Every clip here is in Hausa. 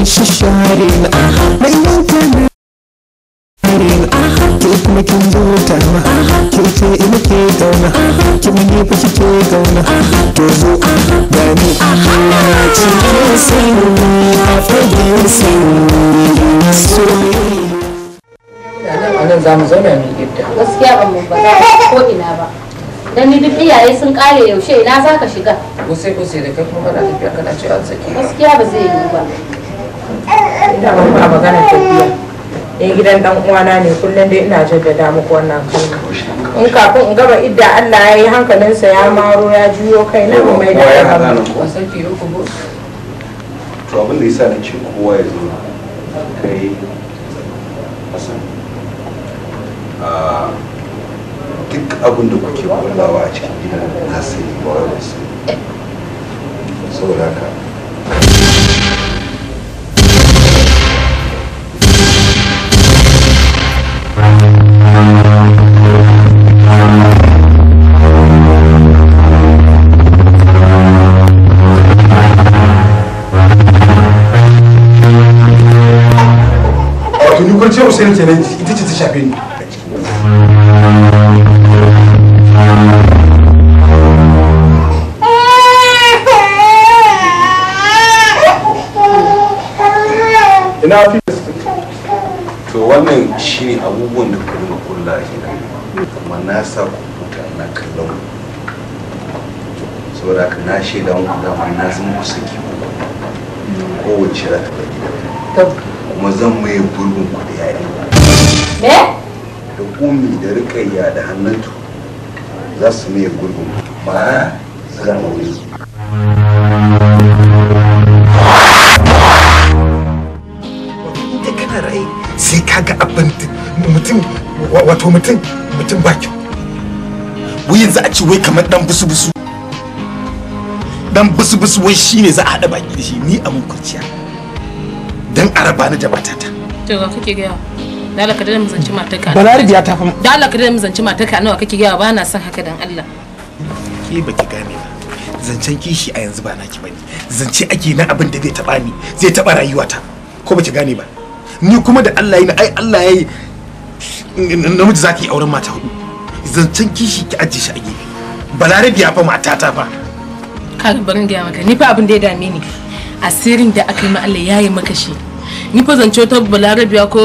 in shi sharin na yanka na sharin ke kuma kin zo ta ma ke ce ina ke gauna ki mun yi fashi ke gauna to zo da ni na cikin sanyi a fagen sanyi soyayya a nan za mu zauna mu gidda gaskiya ba mu ba za ko ina ba dan ni duk iyaye sun kare yaushe ina za ka shiga ko sai ko sai da kai kuma kana tafiya kana cewa saki gaskiya ba zai yi ba da ba a magana tafiya in eh, gidan dan uwana ne kullum dai ina jaddada muku wannan kalma in kafin in gaba idda Allah ya yi hankalinsa ya maro ya juyo kai na mu mai da to abin da yasa nake kowa ya zo kai hasan duk abin da kuke kullawa a cikin gidan na sani ba wai sai saboda haka usain ce ina fi to wannan shi ne abubuwan da kuka dinga kulla a gida kuma na sa kwamfuta na kallon saboda haka na shaida muku dama na zan ku saki kowace rata ba gida kuma zan maye gurbin ku da me eh? da ummi da rikayya da hannuntu za su mai gurgun ba za mu wuri ita kana rai sai kaga abin mutum wato mutum mutum ba kyau wai yanzu a ce wai kamar dan busu busu dan busu busu wai shine za a hada baki da shi ni abin kurciya dan araba na jabata ta to ga kake gaya da Allah ka dade mu zanci matarka Balarabi ya tafi da Allah ka dade mu zanci ka nawa kake gaya ba na son haka dan Allah K'i baki gane ba zancen kishi a yanzu ba naki bane zance ake na abin da zai taba ni zai taba rayuwata ko baki gane ba ni kuma da Allah yana ai Allah yayi namiji zaki auren mata hudu zancen kishi ki ajiye shi a gefe Balarabi biya fa matata fa kaga barin gaya maka ni fa abin da ya dame ni asirin da aka yi ma Allah ya yi maka shi ni fa zance ta balarabiya ko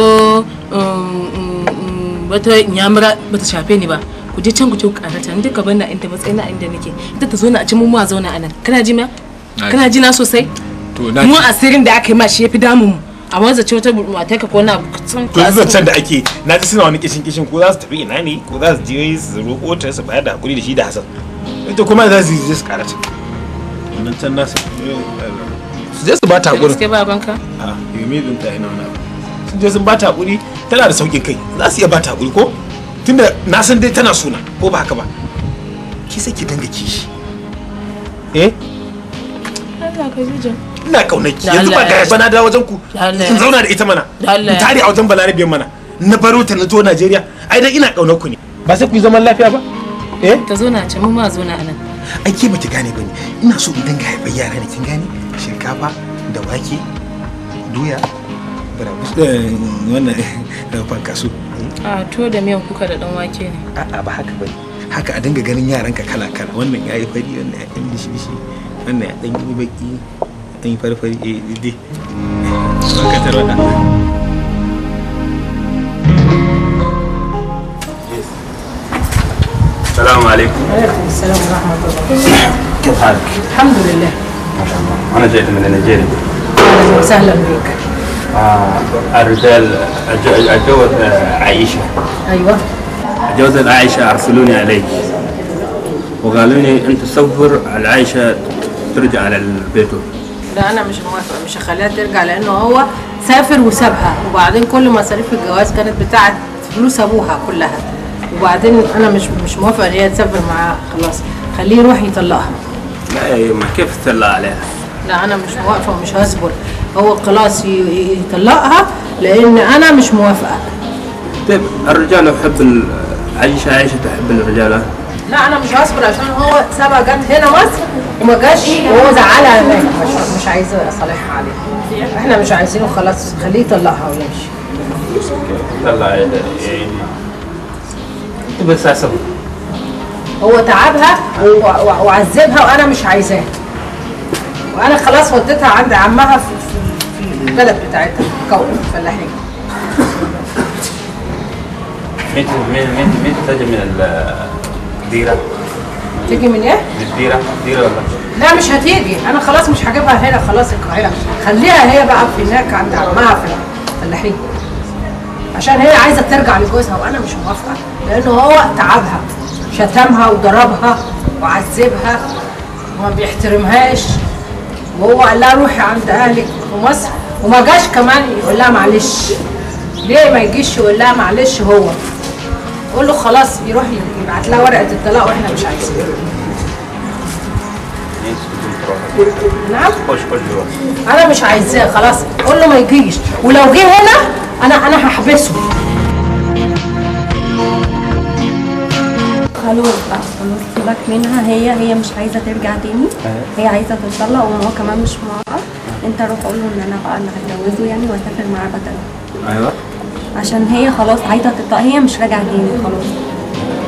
wata inyamura ba ta shafe ni ba ku je can ku ce ku karata ni duka banna inda matsayina inda nake ita ta zo na a ci mu mu zauna anan kana ji ma kana ji na sosai mu asirin da aka yi ma shi yafi damun mu a wanzu ce wata mata ka kona sun to can da ake na ji suna wani kishin kishin ko za su tafi ina ne ko za su je su roƙo ta su bayar da hakuri da shi da Hassan ita kuma za su je su karata nan can nasa su je su ba ta hakuri gaske babanka a ah, yomi din ta ina wani abu sun je sun ba ta hakuri tana da saukin kai za su iya ba ta hakuri ko tunda na san dai tana suna ko ba haka ba ki sai ki ki shi eh Allah ka ji jan ina ki yanzu ba ga bana da wajen ku in zauna da ita mana in tare a wajen balarabiyan mana na baro ta na zo Najeriya ai dan ina kaunar ku ne ba sai ku yi zaman lafiya ba eh ta zo na ce mu ma zo na anan ai ke ki gane bane ina so in danga haifar yara ne kin gane shinkafa da wake doya Eh, wannan rafan kasu a to da miyan kuka da dan wake ne a'a ba haka bane haka a dinga ganin yaran kala kala wannan yayi fari wannan ya dan wannan ya dan yi baki dan yi farfari eh dai ka آه، الرجال اتجوز آه، عائشه ايوه اتجوز عائشه ارسلوني عليك وقالوا لي انت على عائشه ترجع على البيت لا انا مش موافقه مش هخليها ترجع لانه هو سافر وسابها وبعدين كل مصاريف الجواز كانت بتاعه فلوس ابوها كلها وبعدين انا مش مش موافقه ان هي تسافر معاه خلاص خليه يروح يطلقها لا ما كيف تطلق عليها لا انا مش موافقه ومش هصبر هو خلاص يطلقها لان انا مش موافقه طيب الرجال يحب عيشة عيشة تحب الرجالة لا انا مش هصبر عشان هو سابها جت هنا مصر وما جاش وهو زعلها هناك مش, مش عايز اصالحها عليه احنا مش عايزينه خلاص خليه يطلقها ويمشي طلع بس عصب هو تعبها وعذبها وانا مش عايزاه وانا خلاص وديتها عند عمها في البلد بتاعتها كون فلاحين مين مين مين تجي من الديره؟ تيجي من ايه؟ من الديره، الديره ولا لا مش هتيجي، انا خلاص مش هجيبها هنا خلاص القاهره، خليها هي بقى في هناك عند عمها في الفلاحين. عشان هي عايزه ترجع لجوزها وانا مش موافقه، لانه هو تعبها، شتمها وضربها وعذبها وما بيحترمهاش، وهو قال لها روحي عند اهلك في مصر وما جاش كمان يقول لها معلش ليه ما يجيش يقول لها معلش هو قول له خلاص يروح يبعت لها ورقه الطلاق واحنا مش عايزين نعم انا مش عايزاه خلاص قول له ما يجيش ولو جه هنا انا انا هحبسه خلوه بقى خلاص سيبك منها هي هي مش عايزه ترجع تاني هي عايزه تتطلق وهو كمان مش موافق انت روح قول له ان انا بقى اللي هتجوزه يعني واسافر معاه بدل ايوه عشان هي خلاص عايزه تطلق هي مش راجعه تاني خلاص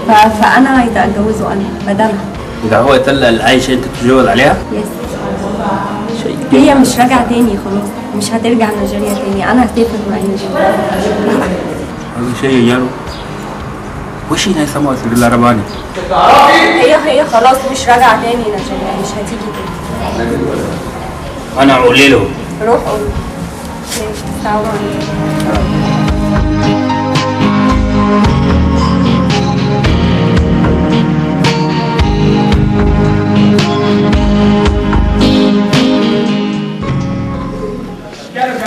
ف... فانا عايزه اتجوزه انا بدلها ده هو يطلع العيشه انت تتجوز عليها؟ يس هي مش راجعه تاني خلاص مش هترجع نيجيريا تاني انا هسافر مع نيجيريا شيء يجرب وش هنا سما وصل رباني يا أخي خلاص مش راجع تاني أنا مش هتيجي تاني أنا أقول له روح قول السلام عليكم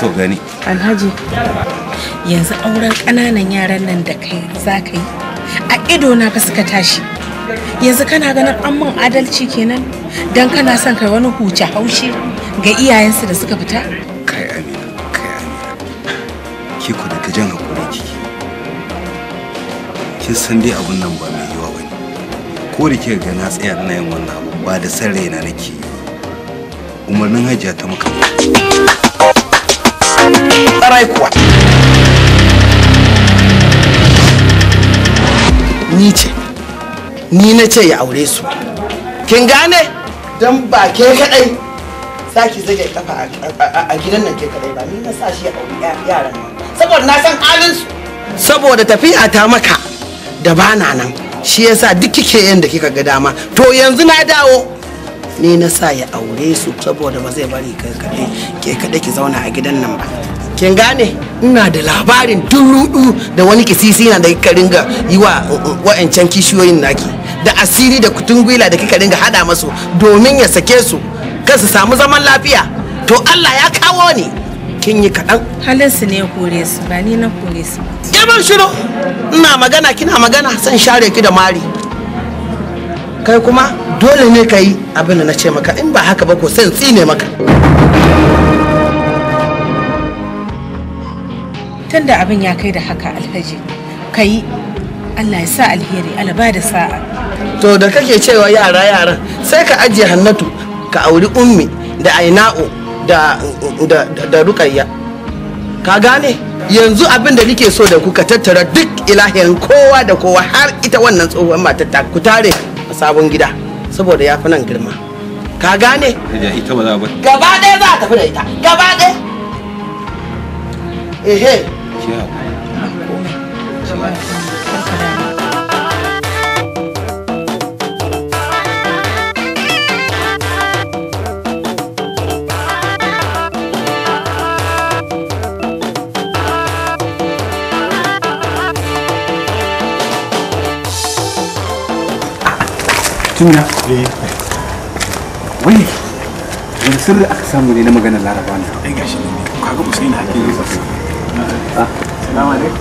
to gani alhaji yanzu auren ƙananan yaran nan da kai za ka yi a ido na ka suka tashi yanzu kana ganin an mun adalci kenan dan kana son kai wani huce haushi ga iyayensu da suka fita kai amina kai amina ki ku daga jan hakuri kiki kin san dai abun nan ba mai yiwa bane ko da kika ga na tsaya ina yin wannan abu ba da san raina nake umarnin hajiya ta maka tsarai kuwa ni ce ni na ce ya aure su kin gane don ba ke kadai saki zage kafa a gidan nan ke kadai ba ni na sa shi ya aure yaran nan saboda na san halin su saboda tafiya ta maka da bana nan shi yasa duk kike yin da kika ga dama to yanzu na dawo ni na sa ya aure su saboda ba zai bari kai kadai ke kadai ki zauna a gidan nan ba kin gane ina da labarin turudu da wani kisisi na da kika ringa yi wa wa'ancan kishiyoyin naki da asiri da kutungwila da kika ringa hada masu domin ya sake su kan su samu zaman lafiya to Allah ya kawo ni kin yi kaɗan. halin su ne kore su ba ni na kore su ke ban shiro ina magana kina magana san share ki da mari kai kuma dole ne ka yi abin da na ce maka in ba haka ba ko san tsine maka tunda abin ya kai da haka alhaji ka yi allah ya sa alheri alaba da sa'a to da kake cewa yara yaran sai ka ajiye hannatu ka auri ummi da aina'u da da da rukayya ka gane yanzu abin da nike so da ku ka tattara duk ilahirin kowa da kowa har ita wannan tsohon matar ta ku tare a sabon gida saboda ya fi nan girma ka gane gaba ɗaya za a tafi da ita gaba ɗaya ehe 기억하고 정말 감사합니다. tunya wai yanzu sirri aka samu ne na maganar larabawa ne ai gashi ne kaga musaina hakkin yasa Assalamu ah. alaikum.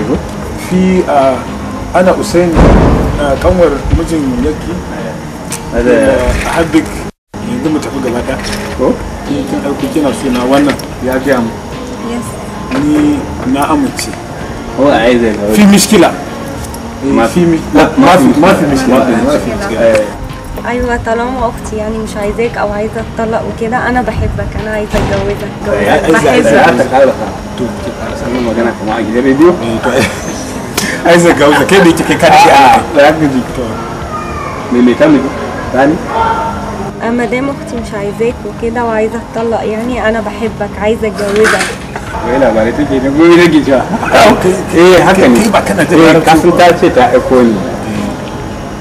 Wa A yi Usaini kanwar mijin yaki. A Habik yanzu mu tafi gaba ɗaya. Ko? Kin ɗauki kina suna wannan ya gaya mu. Ni na amince. Ko a yi zai Fi mishkila. Ma fi mishkila. Ma fi mishkila. ايوه طالما اختي يعني مش عايزاك او عايزه اتطلق وكده انا بحبك انا عايزه اتجوزك بحبك عايزه اتجوزك كده دي كانت آه، آه. يعني دكتور اما دام اختي مش عايزاك وكده وعايزه اتطلق يعني انا بحبك عايزه اتجوزك ولا إيه ما تيجي نقول نجي جا اوكي ايه حكمي كيف كانت تعرف انت تتعقل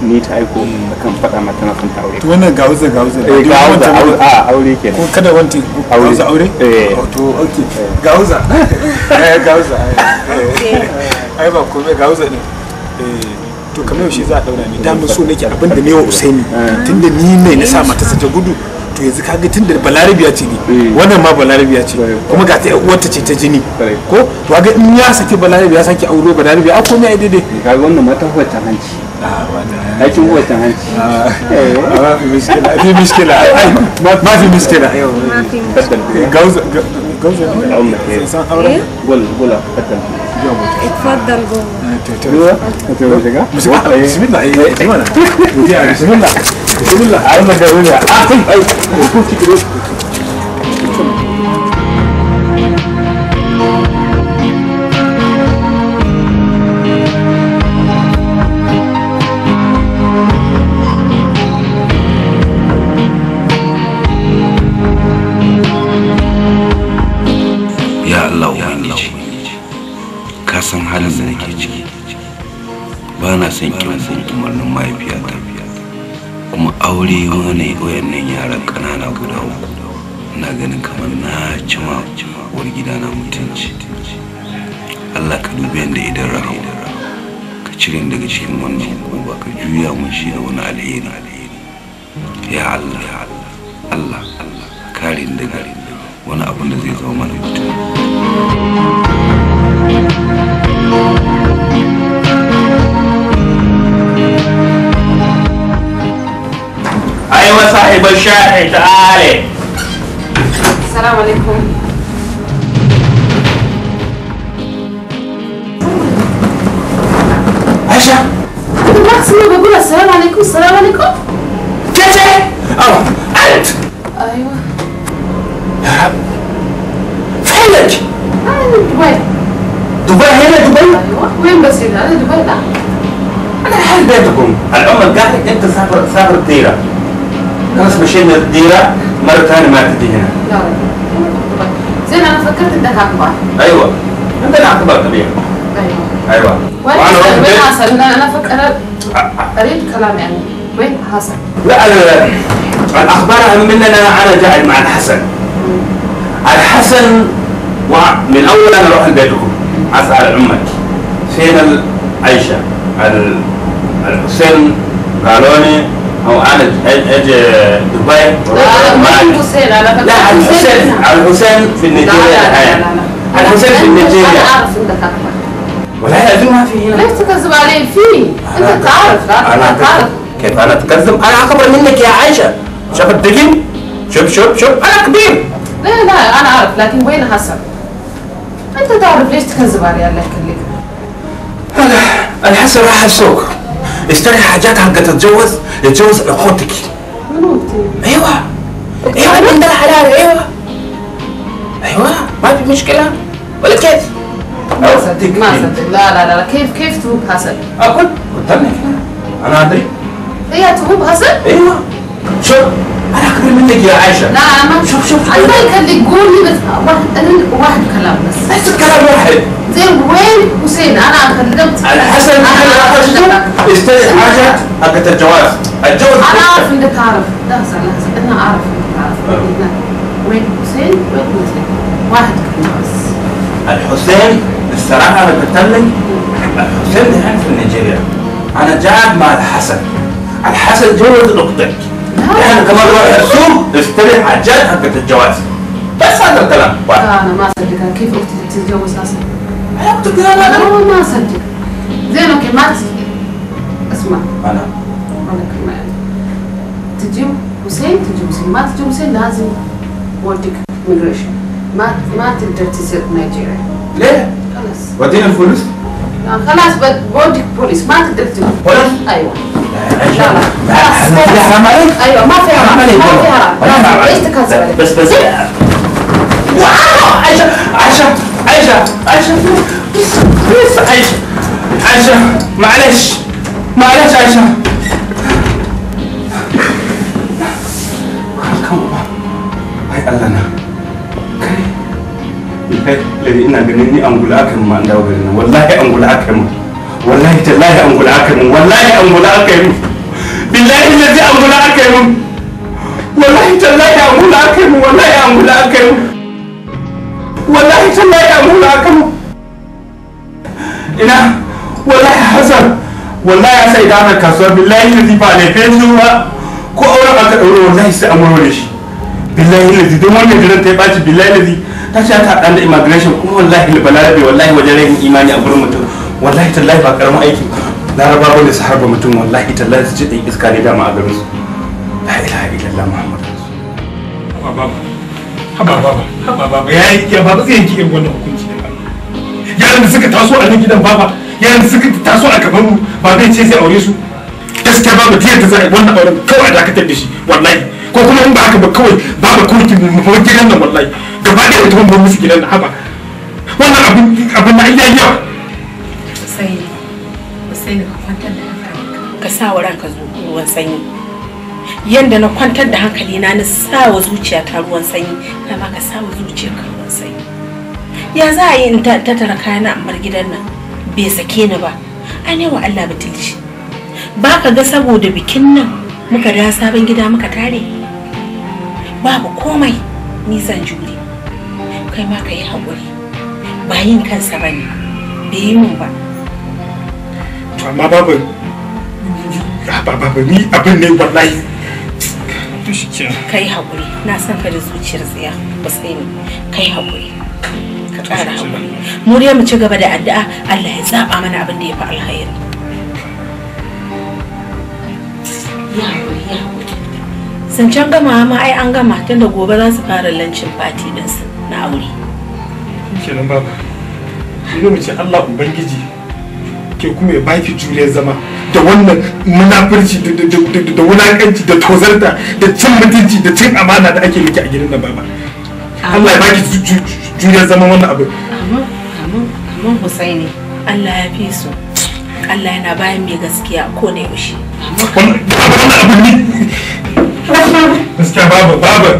ni ta aiko kan faɗa mata na son aure. wannan ga wuza ga Eh ga wuza a aure ke. Ko kada wanti aure. Ga aure? Eh. Oh, to okay. Ga wuza. Eh ga wuza. Eh, eh. eh, ai ba komai ga wuza ne. Eh to kamar yaushe za a daura ni da so nake abin da ne wa Usaini tunda ni ne na sa mata ta gudu to yanzu kaga tunda balarabiya ce ne wannan ma balarabiya ce kuma ga ta uwarta ce ta jini ko to ga in ya saki balarabiya saki auro balarabiya a komai ai daidai kaga wannan mata huwa ta hanci لكن هو تهاني ما في مشكلة في مشكلة أيوه. ما في مشكلة أيوه. ما في مشكلة جوز جوز عمك إيه؟ قول قول تفضل اتفضل جوه آه، ايوه بسم الله بسم إيه؟ الله إيه؟ بسم الله بسم الله عمك قول لي اعطي آه، اي وكنت كده san halin da nake ciki ba na son kiran san umarnin mahaifiyata kuma aure wani wayannan yaran ƙanana guda uku na ganin kamar na cima uwar gida na mutunci Allah ka dubi yadda idan rahama ka cire daga cikin wannan ba ka juya mun shi da wani alheri ya Allah ya Allah Allah kare karin daga wani abin da zai zama mana mutum thank you ايوه صاحب الشاحن تعالي السلام عليكم عشا بالعكس انا بقول السلام عليكم السلام عليكم جاجا او انت ايوه يا رب فينك؟ وين؟ دبي هنا دبي؟ وين بس هنا؟ انا دبي لا انا لحال بيتكم العمر قال لي انت سافر سافر الديره خلاص مشينا الديره مره ثانيه ما تجي هنا لا زين انا فكرت انك اكبر ايوه انت اللي اكبر طبيعي ايوه ايوه وين حصل؟ انا انا فك... انا كلام يعني وين حصل؟ لا الاخبار اهم مننا انا قاعد مع الحسن الحسن ومن من اول انا اروح لبيتكم اسال العمري فين عائشة الحسين قالوني او انا اجي دبي معك لا الحسين الحسين في نيجيريا الحسين في نيجيريا ولا يا ما في هنا ليش تكذب علي في انت تعرف انا تعرف كيف انا اتكذب انا اكبر منك يا عائشه شوف الدقن شوف شوف شوف انا كبير لا لا انا اعرف لكن وين حسن انت تعرف ليش تكذب علي الله يخليك انا انا حاسه رايحه السوق اشتري حاجات حق تتجوز يتجوز اخوتك منوتي ايوه ايوه انت الحلال ايوه ايوه ما في مشكله ولا كيف؟ ما أيوة. صدق ما إيه. صدق لا لا لا كيف كيف تهوب حسن؟ اقول قلت لك انا ادري هي تهوب حسن؟ ايوه شوف انا اكبر منك يا عائشه نعم شوف شوف انا عايز خليك لي بس واحد واحد كلام بس نفس الكلام واحد زين وين حسين انا اتكلمت على حسب انا استاذ حاجه حقت الجواز الجواز انا اعرف انك تعرف لحظه لحظه انا اعرف انك تعرف آه. وين حسين وين حسين واحد كلام بس الحسين الصراحه انا قلت لك الحسين هنا في نيجيريا انا قاعد مع الحسن الحسن جوز اختك احنا كمان نروح رسوم نشتري حاجات الجد حقة الجواز بس هذا الكلام لا انا ما اصدقها كيف اختي تتجوز اصلا؟ علاقتك لا لا لا ما اصدق زين زينب كلمات اسمع انا انا كلمات تجيب حسين تجيب حسين ما تجيب حسين لازم وديك ميجريشن ما ما تقدر تسير نيجيريا ليه؟ خلاص ودينا الفلوس؟ خلاص بوديك بوليس ما تقدر تجيب بوليس؟ ايوه حرام عليك ايوه ما في حرام ما في حرام ليش تكذب بس بس عايشه عايشه عايشه عايشه بس بس عايشه عايشه معلش معلش عايشه Allah kai kai ni angula aka ma an dawo garin wallahi wallahi tallahi an gula aka min wallahi an gula aka yi min billahi lazi an gula aka yi wallahi tallahi an gula aka yi wallahi an gula aka yi wallahi tallahi an gula aka min ina wallahi hazar wallahi sai sai na kasuwa billahi lazi ba laifin su ba ko auren aka ɗaure wallahi sai an warware shi billahi lazi don wannan jiran ta ya ɓaci billahi lazi ta ce ta haɗa da immigration kuma wallahi balarabe wallahi wajen rahin imani a gurin mutum wallahi tallahi ba karamin aiki larabawa ne su harba mutum wallahi tallahi su ce ɗin iska ne dama a garin su la ilaha illallah muhammad haba haba baba haba baba ya yi ya baba zai yanki irin wannan hukunci ne yaran da suka taso a nan gidan baba yaran da suka taso a gaban mu ba bai ce sai aure su gaskiya babu ta yadda za a yi wannan auren kawai a dakatar da shi wallahi ko kuma in ba haka ba kawai babu kawai ki mu gidan nan wallahi gaba ɗaya mutum ba musu gidan nan haba wannan abin abin na iya yawa Yanda na kwantar da hankali na na sa wa zuciyata ruwan sanyi, kai ma ka sa wa ka ruwan sanyi. Ya za a yi in tattara kayana a bar gidan nan bai sake ni ba. An wa Allah batulci. Ba ka ga saboda bikin nan muka da sabon gida muka tare. Babu komai nisan jure. Kai ma ka yi hakuri Ba yin kansa ba ne. bai yi mun ba. amma babu ah, babu ni abin ne wallahi kai haƙuri na san ka da zuciyar tsiya usaini kai haƙuri ka tsara haƙuri mu dai mu ci gaba da addu'a Allah ya zaba mana abin da ya fi alkhairi ya haƙuri ya haƙuri zancen gama ma ai an gama tunda gobe za su fara lancin fati ɗinsu na aure kenan baba mu ce Allah ubangiji ke kuma ya baki juriya zama da wannan munafurci da wulakanci da tozarta da cin mutunci da cin amana da ake miki a gidan nan baba Allah ya baki juriya zama wannan abu amin amin amin Husaini Allah ya fi su Allah yana bayan mai gaskiya ko da yaushe wannan abu ne gaskiya baba baba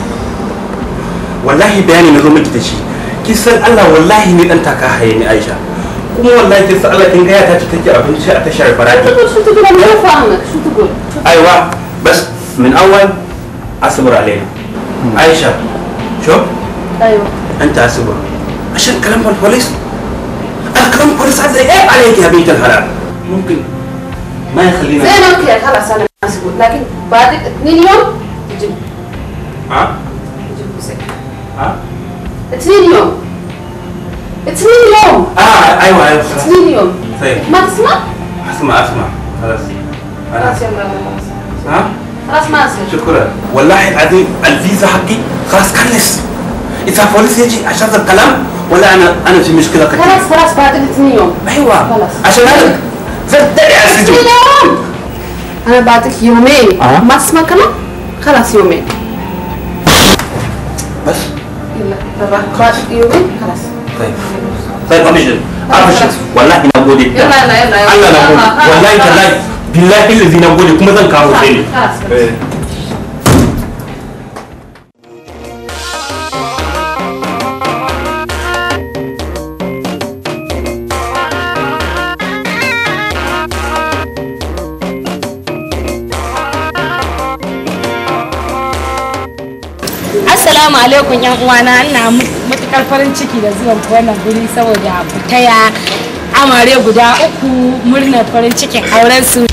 والله بياني نزو من تتشي كيسال الله والله ني دان تاكا هيني عائشة كوما والله كيسال الله كين غايا تاتي تجي ابن شاء تشعر براجي شو تقول شو تقول انا لا شو تقول ايوا بس من اول اصبر علينا عائشة شو أيوة انت اصبر عشان كلام البوليس الكلام البوليس عايز يعيب عليك يا بنت الحلال ممكن ما يخلينا زين اوكي خلاص انا اصبر لكن بعد اثنين يوم تجيب ها؟ تجي مسكت اثنين يوم اثنين يوم اه ايوه ايوه اثنين يوم طيب ما تسمع؟ اسمع اسمع خلاص خلاص يلا ها؟ خلاص ما اسمع شكرا والله العظيم الفيزا حقي خلاص كلس اذا بوليس يجي عشان هذا الكلام ولا انا انا في مشكله كثير خلاص خلاص بعد اثنين يوم ايوه خلاص عشان هذا صدقني على السجن انا بعطيك يومين أه؟ ما تسمع كلام خلاص يومين sai commission afishin wallahi na gode Allah na gode wallahi tallahi billahi lazi na gode kuma zan kawo sai alaikum yan uwana ina matukar farin ciki da zuwan wannan guri saboda ku amare guda uku murnar farin cikin auren su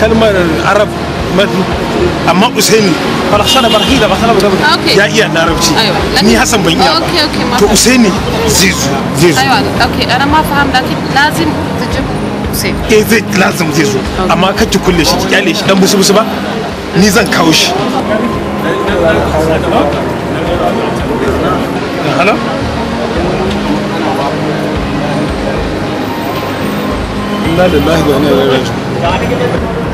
kalmar arab amma usaini falhasana barhi da basana ba ya iya larabci ni hasan ban iya ba to usaini zai zo zai zo ok ana ma faham da lazim eh, zai lazim zai zo amma kake kulle shi ki kyale shi dan busu busu ba ni zan kawo shi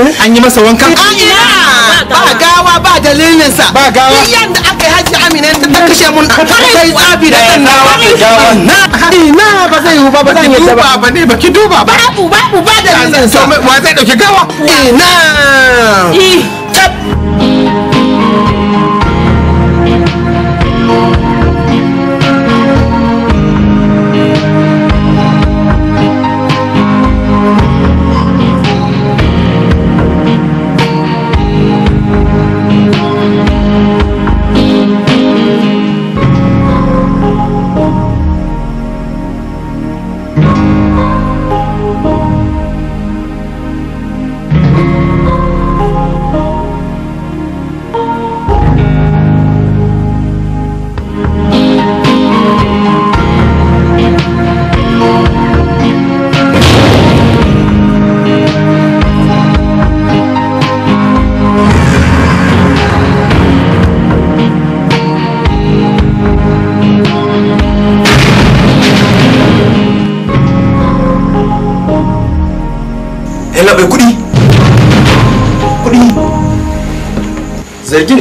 an yi masa wankan ba gawa ba dalilin sa ba gawa yanda aka yi haji amina ta kashe mun kai tsabi da kan nawa ina ba zai yi ba ba zan yadda ba ba ne ba ki duba ba babu babu ba dalilin sa wa zai dauki gawa ina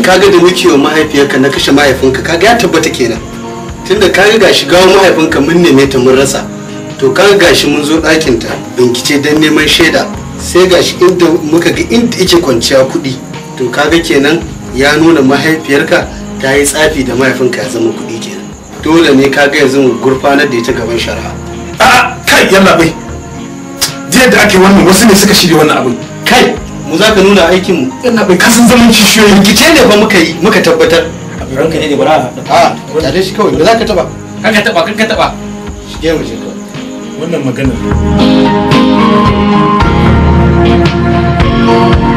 kaga da muke wa mahaifiyarka na kashe mahaifinka kaga ya tabbata kenan tunda kaga gashi gawo mahaifinka mun neme ta mun rasa to kaga gashi mun zo ɗakin ta bincike dan neman shaida sai gashi inda muka ga inda yake kwanciya kuɗi to kaga kenan ya nuna mahaifiyarka ta yi tsafi da mahaifinka ya zama kuɗi kenan dole ne kaga yanzu gurfanar da ita gaban shari'a a'a kai yalla bai jiya da ake wannan wasu ne suka shirya wannan abin kai mu za ka nuna aikin mu ina bai kasan zaman kishiyoyi rikice ne ba muka yi muka tabbatar a ranka ne da ah, bara a tare shi kawai ba za ka taba kan ka taba kan ka taba shige mu shige wannan magana ne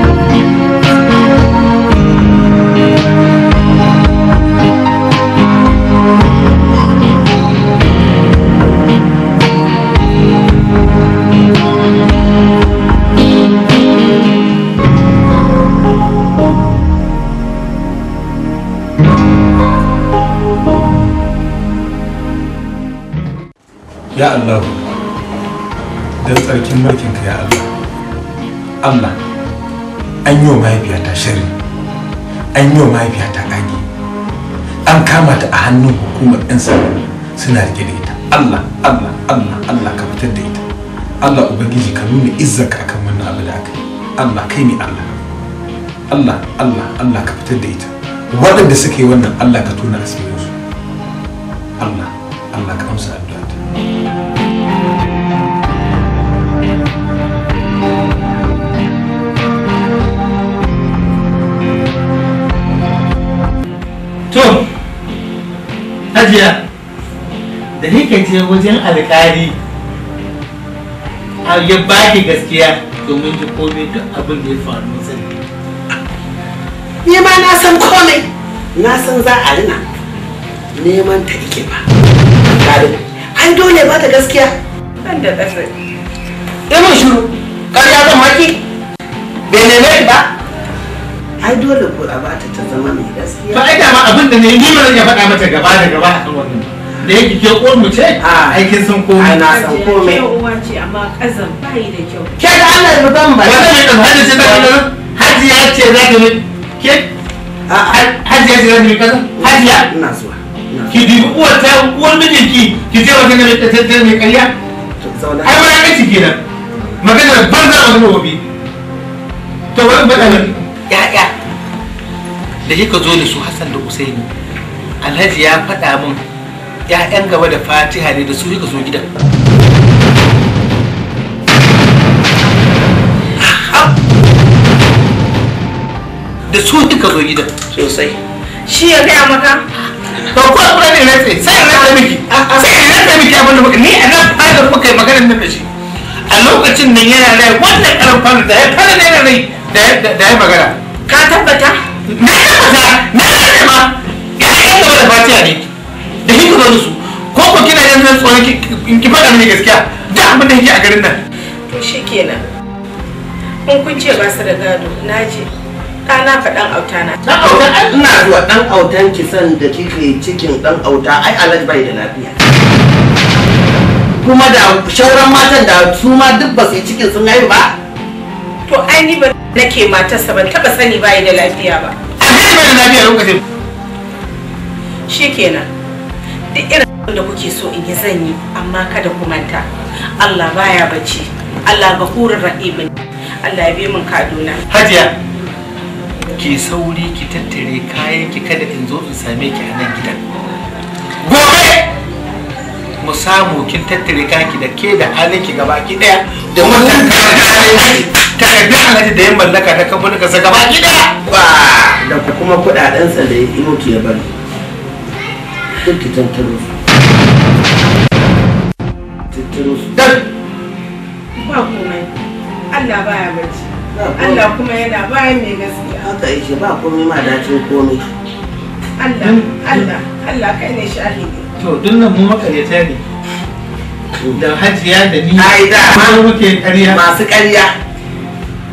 ya Allah da tsarkin mulkinka ya Allah Allah an yi wa mahaifiyata shari an yi wa mahaifiyata ƙage an kama ta a hannun hukumar 'yan sanda suna rike da ita Allah Allah Allah Allah ka fitar da ita Allah Ubangiji ka nuna izzarka akan wannan abu da aka yi Allah kai ne Allah Allah Allah Allah ka fitar da ita waɗanda suka yi wannan Allah ka tona asirinsu Allah Allah ka amsa hajiya da nake je wajen alkali ya baki gaskiya domin ki komai duk abin da ya faru ma na san komai na san za a rina neman ta ike ba ai dole ba ta gaskiya ban da ƙasa ya mun ƙarya zan maki bai neme ba ai dole ko a bata ta zama mai gaskiya to ai da ma abin da ne ni ba zan iya faɗa mata gaba da gaba akan wannan da yake ke uwar mu ce a ah. ai kin san komai na san komai ke uwa ce amma kazan bai da kyau ke da Allah ya zama ba wannan ne da hajji ce da hajji ya ce za ka ne ke ah, ah. hajji ya ce za ka ne kaza hajji ya ina zuwa ki dubi uwar ta uwar mijinki ki je wajen da ta ta mai ƙarya ai ma ya kace kenan magana banza a wani wobi to wani faɗa ne ya. da kika zo da su Hassan da Usaini Alhaji ya faɗa min ‘ya'yan gaba da fatiha ne da su kika zo gidan. Da su kika zo gidan. Sosai. Shi ya gaya maka? Ba ku abuwa ne na tsaye, sai na da miki, sai na da miki abin da muka ni a nan fadar muka yi maganar nan da shi. A lokacin nan yana rai wannan karfan da ya fara da yana rai da ya magana. Ka tabbata? na tabbata na rage ma ƴaƴan gaba da fatiya ne da hin da su ko ko kina yin nan tsoron ki faɗa mini gaskiya da abin da yake a garin nan to shikenan in kun ce ba su da gado na je ɗana ka ɗan auta na ɗan auta ina zuwa dan autan ki san da kike cikin dan auta ai alhaji bai da lafiya kuma da shauran matan da su ma duk ba su yi cikin sun haihu ba to ai ni ba nake matarsa ban taba sani bayi da lafiya ba. Abin da lafiya lokacin. Shi kenan. Duk irin abin da kuke so in yi zan yi amma kada ku manta. Allah baya bacci. Allah ga hurin ra'imin. Allah ya bi min Kaduna. Hajiya. Ki sauri ki tattare kayan ki kada in zo in same ki a nan gidan. Gobe! mu samu kin tattare kaki da ke da halin ki gaba ki daya da ka wannan kayan takardun alhaji da ya mallaka ta kamfanin kasa gaba gida da kuma kudadensa da ya ya bari duk ki tantaro su tattaro su dan ba komai Allah baya bacci Allah kuma yana bayan mai gaskiya haka yake ba komai ma dacin komai Allah Allah Allah kai ne shahidi to dinnan mu makaryata ne da hajiya da ni ai da ma muke ƙarya masu ƙarya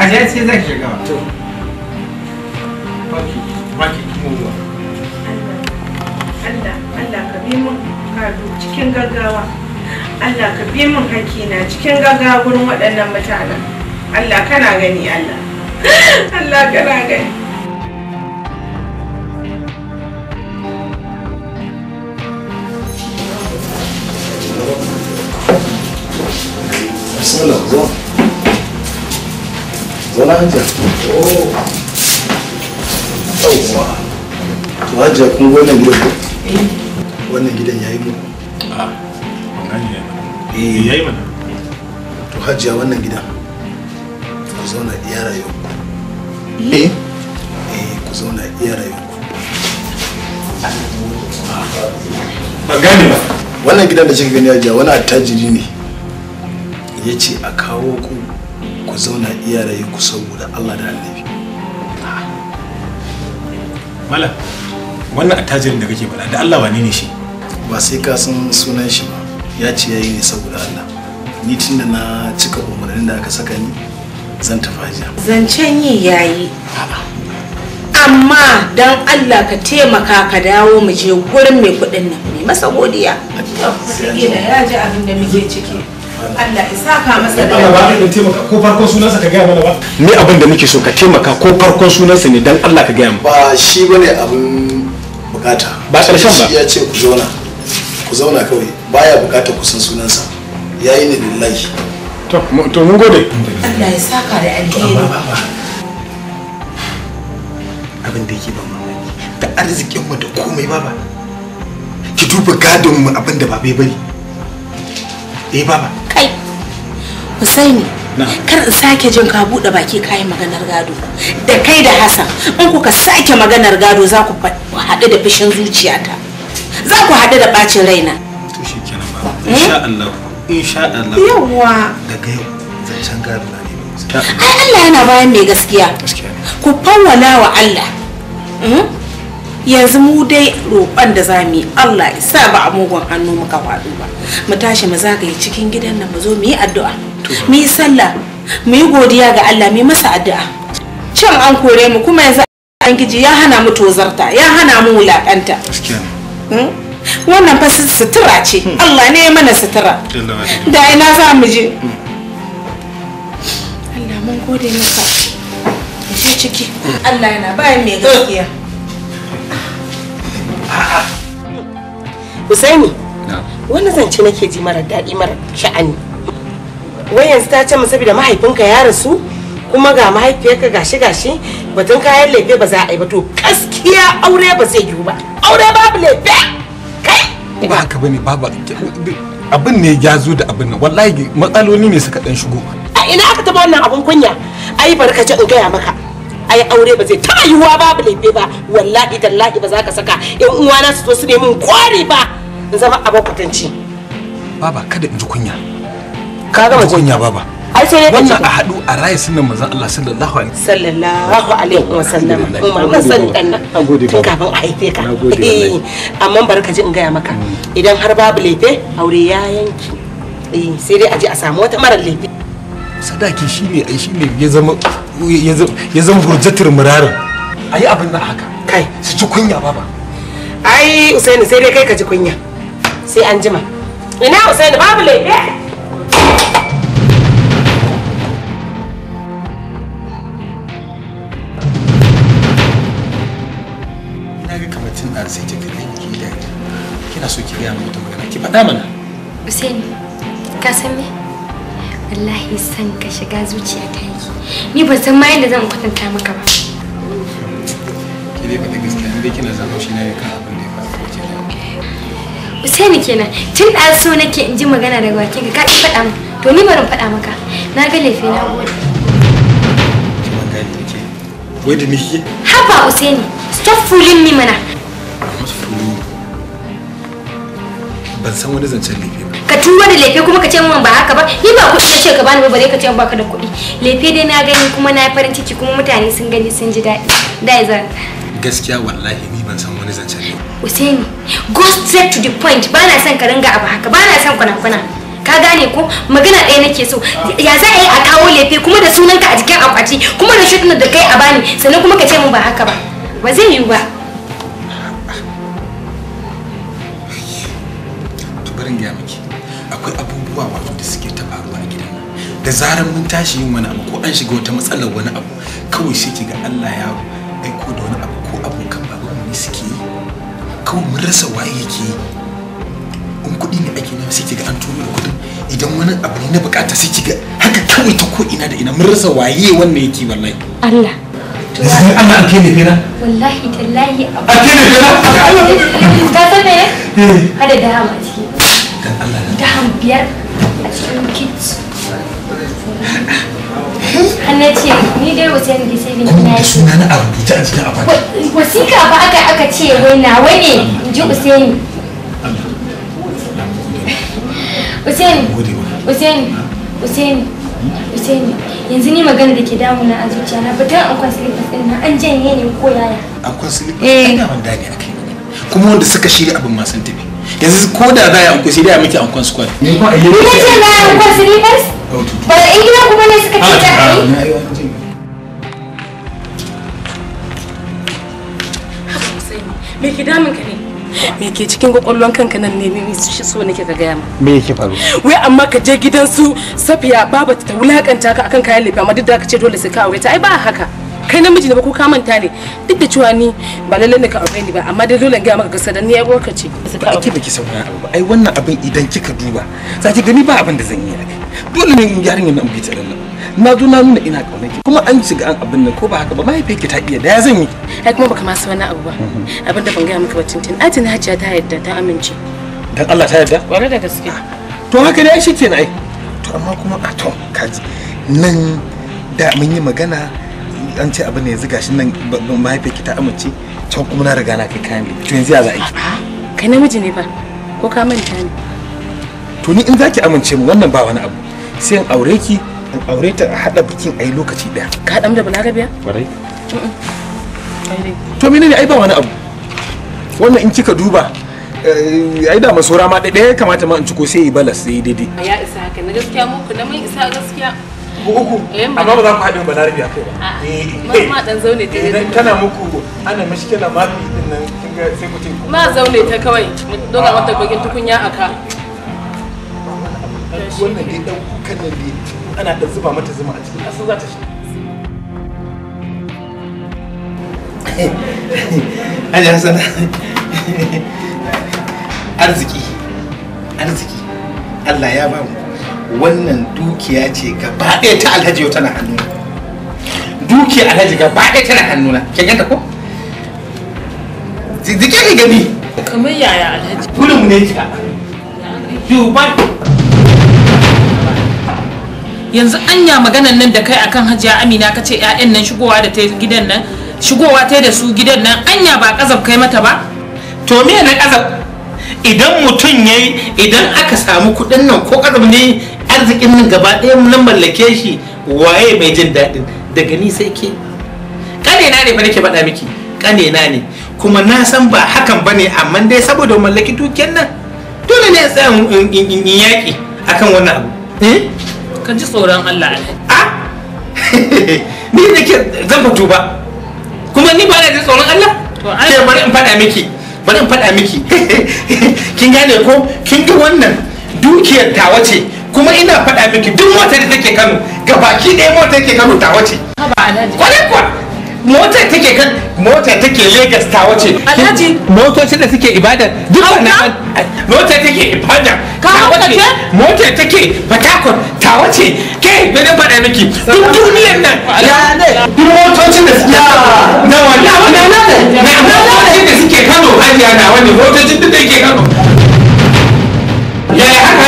Hajiyar ce zai shiga wa. Baki, baki Allah, Allah ka bi mun cikin gaggawa. Allah ka bi hakina cikin gaggawa waɗannan mutanen. Allah kana gani Allah. Allah kana gani. zauna hajja yauwa kun wannan gidan ko eh. wannan gidan yayi mu ah. eh. to hajja wannan gidan ku zauna iya rayuwa eh ku zauna iya rayuwa ba gane ba wannan gidan da kika gani hajja wani attajiri ne ya ce a kawo ku ku zauna iya ku saboda Allah da annabi mala wannan attajirin da kake bala da Allah wane ne shi ba sai ka san sunan shi ba ya ce yayi ne saboda Allah ni tunda na cika umarnin da aka saka ni zan tafi hajiya zancen yi yayi amma dan Allah ka taimaka ka dawo mu je gurin mai kuɗin nan ne masa godiya sai da ya ji abin da muke ciki Allah ya masa da Allah ba taimaka ko farkon sunansa ka gaya mana ba ni abin da nake so ka taimaka ko farkon sunansa ne dan Allah ka gaya mu ba shi bane abin bukata ba karshen ba ya ce ku zauna ku zauna kawai baya bukata ku san sunansa yayi ne lillahi to to mun gode Allah ya saka da alheri abin da yake ba mamaki da arzikin mu da komai baba ki duba gadon mu abin da ba bai bari eh baba kai Husaini kar in sake jin ka buɗe baki kayan maganar gado da kai da Hassan in kuka sake maganar gado za ku haɗu da fishin zuciyata za ku haɗu da ɓacin raina to shi kenan baba hmm? insha Allah insha Allah yawa daga yau zancen gado na ne ai Allah yana bayan mai gaskiya Gaskiya. ku fawwala wa Allah -hmm. yanzu mu dai roƙon da za mu yi Allah ya sa ba a hannu muka faɗo ba mu tashi mu zagaye cikin gidan nan mu zo mu yi addu'a mu yi sallah mu yi godiya ga Allah mu yi masa addu'a can an kore mu kuma yanzu an giji ya hana mu tozarta ya hana mu wulaƙanta hmm? wannan fa sutura ce hmm. Allah ne ya mana sutura da ina za mu je hmm. Allah mun gode maka je ciki Allah yana bayan mai gaskiya Usaini, wani zance nake ji mara daɗi mara sha'ani. Wai yanzu ta ce mu saboda mahaifinka ya rasu kuma ga mahaifiyarka gashi gashi batun kayan lefe ba za a yi ba to gaskiya aure ba zai yiwu ba. Aure babu lefe kai. Ba haka bane babu abin ne ya zo da abin nan wallahi matsaloli ne suka dan shigo. A ina aka taba wannan abun kunya? Ai barkace in gaya maka. ai aure ba zai taɓa yiwuwa babu laifi ba wallahi tallahi ba za ka saka yan uwana su zo su nemi kwari ba in zama abokatanci baba kada in ji kunya ka ga kunya baba ai sai wannan a hadu a raye sunan manzon Allah sallallahu alaihi sallallahu alaihi wa sallam umma ka san dan tun kafin a haife ka eh, amma barka ji in gaya maka mm. idan har babu laifi aure ya yanki eh, sai dai a je a samu wata marar laifi sadaki shi ne ai shi ne ya zama ya zama hujjatar murarin abin da haka kai su ci kunya baba ai usaini sai dai kai ka ji kunya sai an jima ina usaini babu laifi sai ta kina so mana Usaini ka san me wallahi san ka shiga zuciya ta yi. ni ban san ma yadda zan kwatanta maka ba ki dai ta gaskiya ni dai kina zama shi na kan abin da ya faru ke da Usaini kenan tun da so nake in ji magana daga bakin ka ka faɗa min to ni bari faɗa maka na ga laifi na gode ki man gani take wai da miki haba Usaini stop fooling ni mana ban san wani zancen laifi ka turo da lefe kuma ka ce min ba haka ba ni ba kuɗi na ka bani ba bare ka ce baka da kuɗi lefe dai na gani kuma na farin ciki kuma mutane sun gani sun ji daɗi dai zan gaskiya wallahi ni ban san wani zancen ne Usaini go straight to the point ba na son ka ringa abu haka ba na son kwana kwana ka gane ko magana ɗaya nake so ya za a yi a kawo lefe kuma da sunanka a jikin akwati kuma da shirin da kai a bani sannan kuma ka ce min ba haka ba ba zai yiwu ba barin gaya miki akwai abubuwa wato da suke ta faruwa a gidan da zarar mun tashi yin wani abu ko an shiga wata matsalar wani abu kawai shi ke ga Allah ya aiko da wani abu ko kan babanmu ne suke yi kawai mun rasa waye yake yi in kuɗi ne ake nema sai kiga an turo da kuɗin idan wani abu ne na bukata sai kiga haka kawai ta ko ina da ina mun rasa waye wannan yake wallahi Allah Allah an kene fera wallahi tallahi a kene fera ka san me kada eh. da hama dan Allah na dam biyar a cikin kit Hanna ce ni dai wasu yanki sai ni na yi suna na a rubuta a cikin akwati wasika ba aka aka ce wai na wai ne in ji Usaini Usaini Usaini Usaini Usaini yanzu ni magana da ke damuna a zuciya na fitan akwai silifas din na an janye ne ko yaya akwai silifas ɗin da ban dage a kai kuma wanda suka shirya abin masan sun tafi yanzu ko da za a yi anko sai dai a miki ankon squad ni oh, ba ce na ankon slippers ba in gida kuma ne suka ce ta ai ah, me ke damun ka ne me ke cikin kwakwalwan kanka nan ne ni shi so nake ka gaya me yake faru wai amma ka je gidan su safiya baba ta wulakanta ka akan kayan lefe amma duk da ka ce dole sai ka aure ta ai ba haka kai namiji ne ba ko ka manta ne duk da cewa ni ba lalle ne ka aure ni ba amma dai dole in ga maka gaskiya dan ni ya gorka ce ba ki baki sauran abu ai wannan abin idan kika duba za ki gani ba abin da zan yi dole ne in yarinyar nan bi ta lalle na zo na nuna ina kauna ki kuma an shiga an abin nan ko ba haka ba mahaifiyarki ta iya da zan yi ai kuma baka ma san wannan abu ba mhm. abin da ban ga maka ba tintin ajin hajiya ta yadda ta amince dan Allah ta yadda ware da gaske ah, to haka ne shi kenan ai to amma kuma a ah, to kaji nan da mun yi magana an ce abu ne yanzu gashi nan mahaifiyar ki ta amince can kuma na riga na kai kayan biki to yanzu ya za a yi kai namiji ne ba ko ka manta ne to ni in za ki amince mu wannan ba wani abu sai in aure ki in aure ta haɗa bikin a yi lokaci ɗaya ka haɗa mu da balarabiya ƙwarai to menene ai ba wani abu wannan in kika duba eh, ai da masora ma ɗaya ya kamata ma in ko sai yi balas sai daidai ya isa haka na gaskiya muku na mun isa gaskiya ku uku eh, amma ba za ku haɗin balarabi a kai ba eh, eh ma dan zaune ta eh, idan tana muku ana mishkila mafi din nan kin ga sai ku ce ma zaune ta kawai doga mata bakin ah. tukunya aka wannan dai dan kukan nan dai ana da zuba mata zuma a cikin asan za ta shi Ajiyar sana arziki arziki Allah ya ba mu wannan dukiya ce gaba ɗaya ta alhaji yau tana hannuna dukiya alhaji gaba ɗaya tana hannuna kin yanta ko zike ki gani kamar yaya alhaji kullum ne ki duba yanzu anya maganan nan da kai akan hajiya amina ka ce 'ya'yan nan shigowa da ta gidan nan shigowa ta da su gidan nan anya ba kazab kai mata ba to me na kazab idan mutum yayi idan aka samu kudin nan ko kazab ne arzikin nan gaba ɗaya nan mallake shi waye mai jin daɗin daga ni sai ke ƙanena ne ba nake faɗa miki ƙanena ne kuma na san ba hakan ba ne amma dai saboda mallaki dukiyar nan dole ne tsaya in yaƙi akan wannan abu eh? kan ji tsoron Allah a ni nake zan fito ba kuma ni ba na ji tsoron Allah ke bari in faɗa miki bari in faɗa miki kin gane ko kin ga wannan dukiyar tawa ce kuma ina faɗa miki duk mota da take kano ga baki ɗaya mota take kano ta wace mota take kan mota take lagos ta wace alhaji motoci da suke ibadan duk wannan mota take ibadan ta wace mota take fatakon ta wace ke bane faɗa miki duk duniyar nan ya ne duk motocin da suke na wannan na wannan da suke kano hajiya na wani motocin duk da yake kano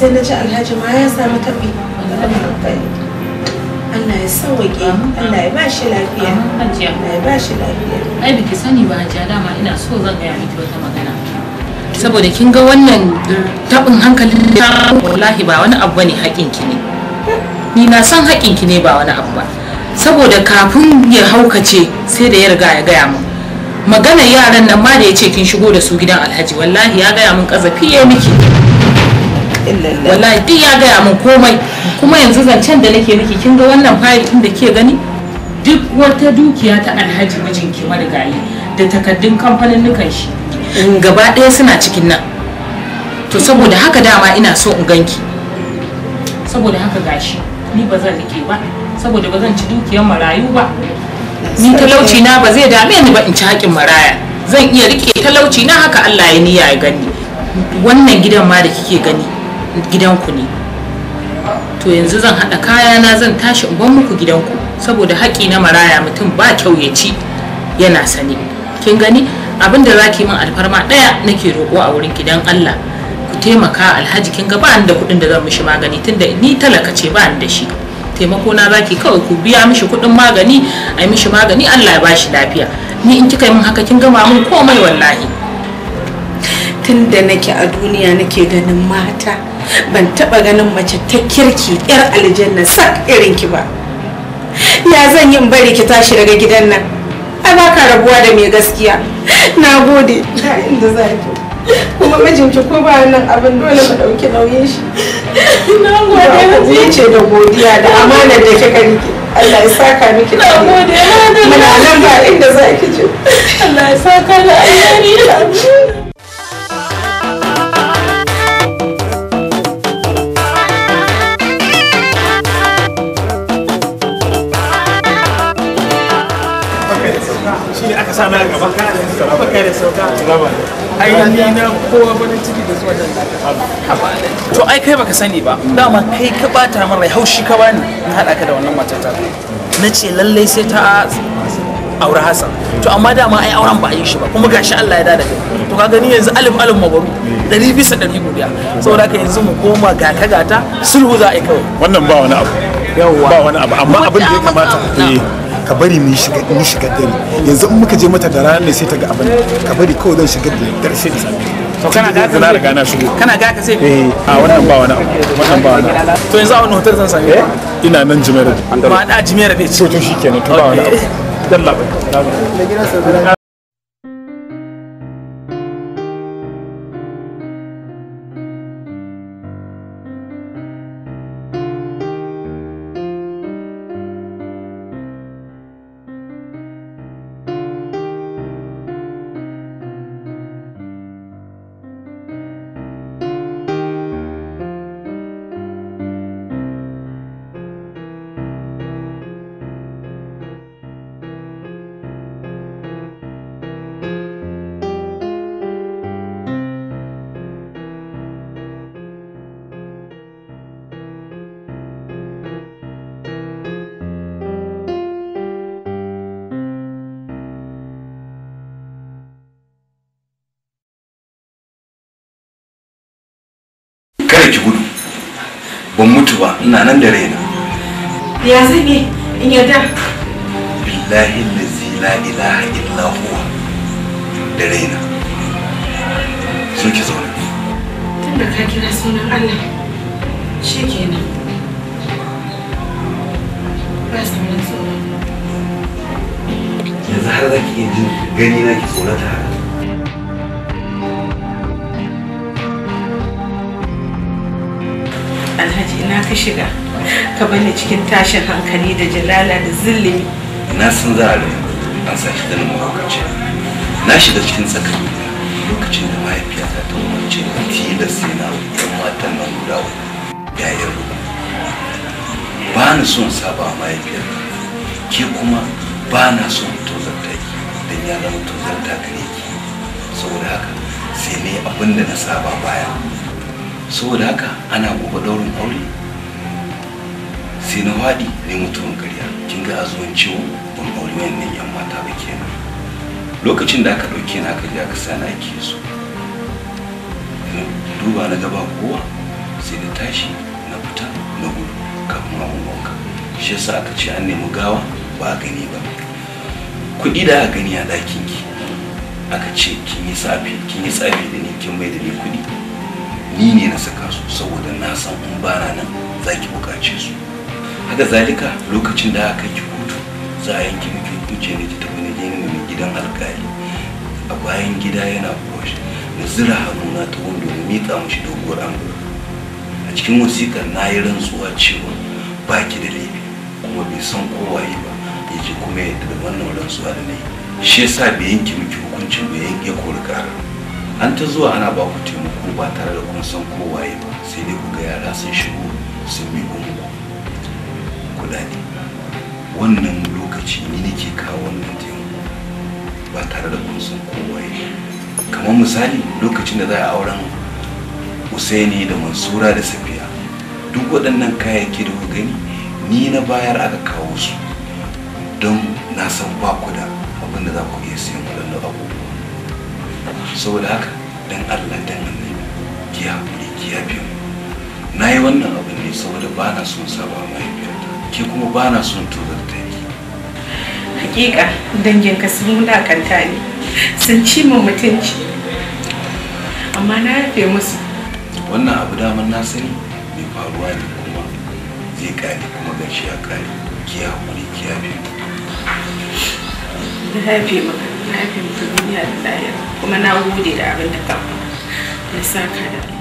sai na ji alhaji ma ya samu taɓi Allah ya sauwaƙe Allah ya ba shi lafiya Allah ya ba shi lafiya ai biki sani ba hajiya dama ina so zan gaya miki wata magana saboda kin ga wannan taɓin hankalin da wallahi ba wani abu bane haƙinki ne ni na san haƙinki ne ba wani abu ba saboda kafin ya haukace sai da ya riga ya gaya mun maganar yaran nan ma da ya ce kin shigo da su gidan alhaji wallahi ya gaya mun ƙazafi ya miki wallahi duk ya gaya min komai kuma yanzu zancen da nake miki kin ga wannan fayil din da ke gani duk wata dukiya ta alhaji mijinki marigayi da takaddun kamfanin nukan shi gaba ɗaya suna cikin nan to saboda haka dama ina so in ganki saboda haka gashi ni ba zan rike ba saboda ba zan ci dukiyar marayu ba ni talauci na ba zai dame ni ba in ci haƙin maraya zan iya rike talauci na haka Allah ya ni ya gani wannan gidan ma da kike gani gidanku ne to yanzu zan haɗa na zan tashi in muku gidanku saboda haƙi na maraya mutum ba kyau ya ci yana sani kin gani abin da zaki min alfarma ɗaya nake roƙo a wurin gidan Allah ku taimaka alhaji kin ga ba da kuɗin da zan mishi magani tunda ni talaka ce ba da shi taimako na zaki kawai ku biya mishi kuɗin magani a mishi magani Allah ya bashi lafiya ni in kika yi min haka kin gama mun komai wallahi tunda nake a duniya nake ganin mata ban taba ganin mace ta kirki yar aljanna sak irin ki ba ya zan yin bari ki tashi daga gidan nan ai ba ka rabuwa da mai gaskiya na gode ta inda za ki kuma mijinki ko ba nan abin dole mu dauki nauyin shi na gode miji ce da godiya da amana da kika rike Allah ya saka miki Na gode muna nan ba inda za ki je Allah ya saka da alheri shi ne aka sami gaba ba kai da sauka ai ni na kowa bane ciki da zuwa dan to ai kai baka sani ba dama kai ka bata min rai haushi ka bani na haɗa ka da wannan matata na ce lallai sai ta aure Hassan to amma dama ai auren ba a yi shi ba kuma gashi Allah ya dada kai to ka gani yanzu alif alif mabaru ɗari bisa ɗari guda saboda ka yanzu mu koma gata gata sulhu za a yi kawai wannan ba wani abu ba wani abu amma abin da ya kamata eh ka bari mu shiga mu shiga dare yanzu in muka je mata da rana ne sai ta ga abin ka bari kawai zan shiga da dare sai ta to kana da zan riga na shigo kana ga ka sai eh a wannan ba wani wannan ba wani to yanzu a wannan hotel zan same eh, ina nan jimera ba da jimera ne to to shikenan to ba wani dalla ba ina nan da raina ya zan yi in yarda billahi lazi la ilaha illa huwa dare raina sun ki zaune tun da ka kira sunan allah shi kenan ba su yanzu har za ki iya jin gani na ki tsorata haka alhaji ina ka shiga ka bani cikin tashin hankali da jalala da zillimi na sun za a an sa shi ganin mahaukaci na shiga cikin tsakani lokacin da mahaifiyata ta umarce da tilasta na yan matan nan guda wa yayin ba ni son saba mahaifiyata ke kuma ba na son tozarta ki don ya zama tozarta gare ki saboda haka sai ne abin da na saba baya da haka ana gobe daurin aure sai na wadi ne mutuwan ƙarya kin ga azuwan ciwo ban aure wannan yan mata ba kenan lokacin da aka ɗauke na aka aka sa na ake so duba na gaba kowa sai na tashi na fita na gudu kafin abin wanka shi yasa aka ce an nemi gawa ba a gani ba kuɗi da aka gani a ɗakin ki aka ce kin yi tsafi kin yi tsafi da ni kin mai da ni kuɗi ni ne na saka su saboda na san in bana nan za ki bukace su haka zalika lokacin da aka ki hutu za a yanki miki hukunce ne ki tafi na mai gidan alkali a bayan gida yana koshi na zira hannuna ta wanda miƙa mishi doguwar ango a cikin wasikar na yi rantsuwa cewa ba ki da laifi kuma bai san yi ba ya ji kuma yadda da wannan rantsuwa da na yi shi yasa bai yanki miki hukuncin bai yanke kori ƙara. an ta zuwa ana ba ku taimako ba tare da kun san kowaye ba sai dai ku ga yara sun shigo sun miƙo muku kuɗaɗe wannan lokaci ni nake kawo wannan taimako ba tare da kun san kowaye kamar misali lokacin da za a auren usaini da mansura da safiya duk waɗannan kayayyaki da ku gani ni na bayar aka kawo su don na san ba ku da abin da za ku iya siyan waɗannan abubuwa saboda haka dan Allah dan annabi ki haƙuri ki yafe mu na yi wannan abin ne saboda ba na son saba mahaifiyarta ke kuma ba na son ta ki hakika danginka sun wulakanta ne sun ci mu mutunci amma na yafe musu wannan abu damar na sani mai faruwa ne kuma zai kare kuma gashi ya kare ki haƙuri ki yafe mu na yafe maka na fahimci duniya da lahira kuma na gode da abin da ka da saka da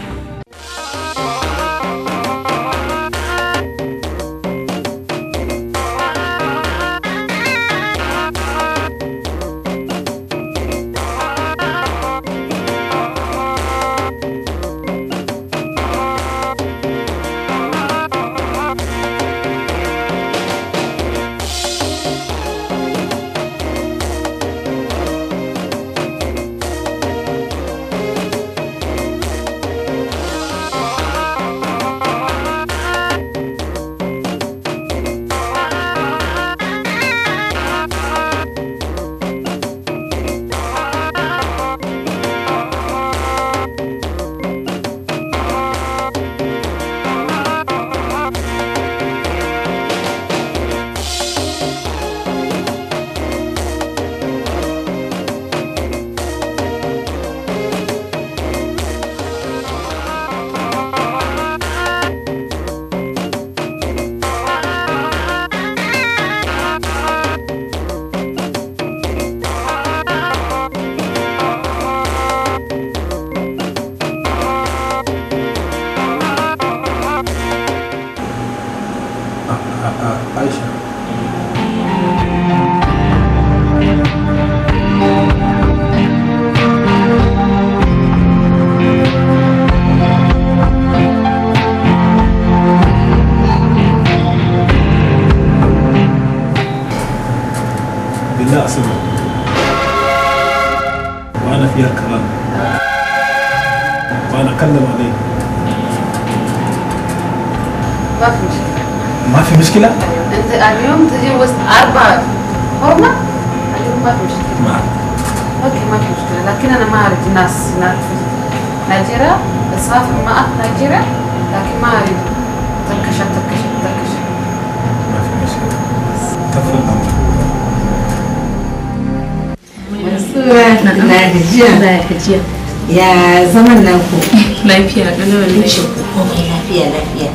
rashin ku komai lafiya lafiya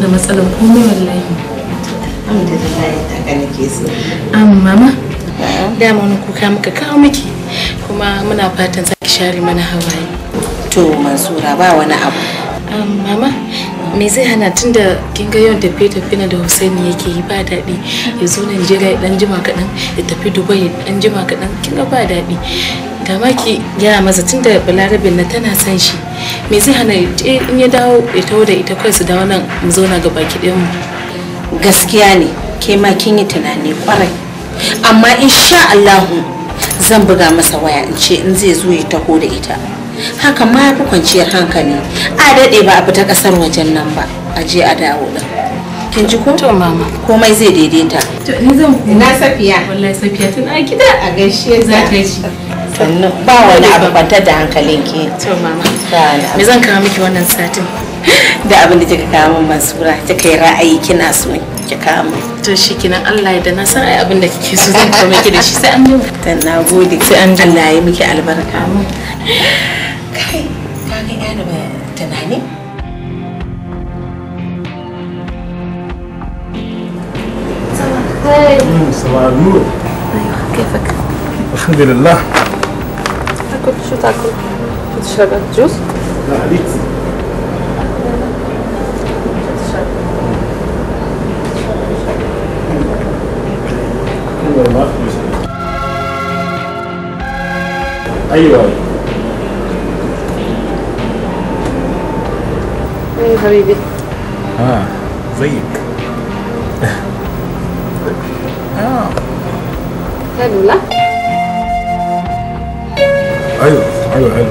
da matsalar komai wallahi mama kuka muka kawo miki kuma muna fatan za share mana hawaye to mansura ba wani abu mama me zai hana tun kin ga yawan tafiye tafiye na da Hussaini yake yi ba daɗi ya zo Najeriya ya dan jima kaɗan ya tafi Dubai ya dan jima kaɗan kin ga ba daɗi da ki masa tun da Balarabin na tana son shi me zai hana in ya dawo ya tawo da ita kai su dawo nan mu zauna ga baki ɗayan mu gaskiya ne ke ma kin yi tunani kwarai amma insha Allahu zan buga masa waya in ce in zai zo ya taho da ita haka ma ya fi kwanciyar hankali a daɗe ba a fita ƙasar wajen nan ba a je a dawo da kin ji ko to mama komai zai daidaita to ni zan na safiya wallahi safiya tun a gida a gaishe za ta ji sannan ba wani abu kwantar da hankalin ki to mama me zan kawo miki wannan satin da abin da kika kawo min masura kika yi ra'ayi kina so ki kawo min to kinan Allah ya da na san ai abin da kike so zan kawo miki da shi sai an yi dan nagode sai an Allah ya miki albarka amin صباح النور كيفك الحمد لله تاكل شو تاكل تشرب جوز لا عليك ايوه يا حبيبي اه زيك اه حلو لا ايوه حلو أيوه، حلو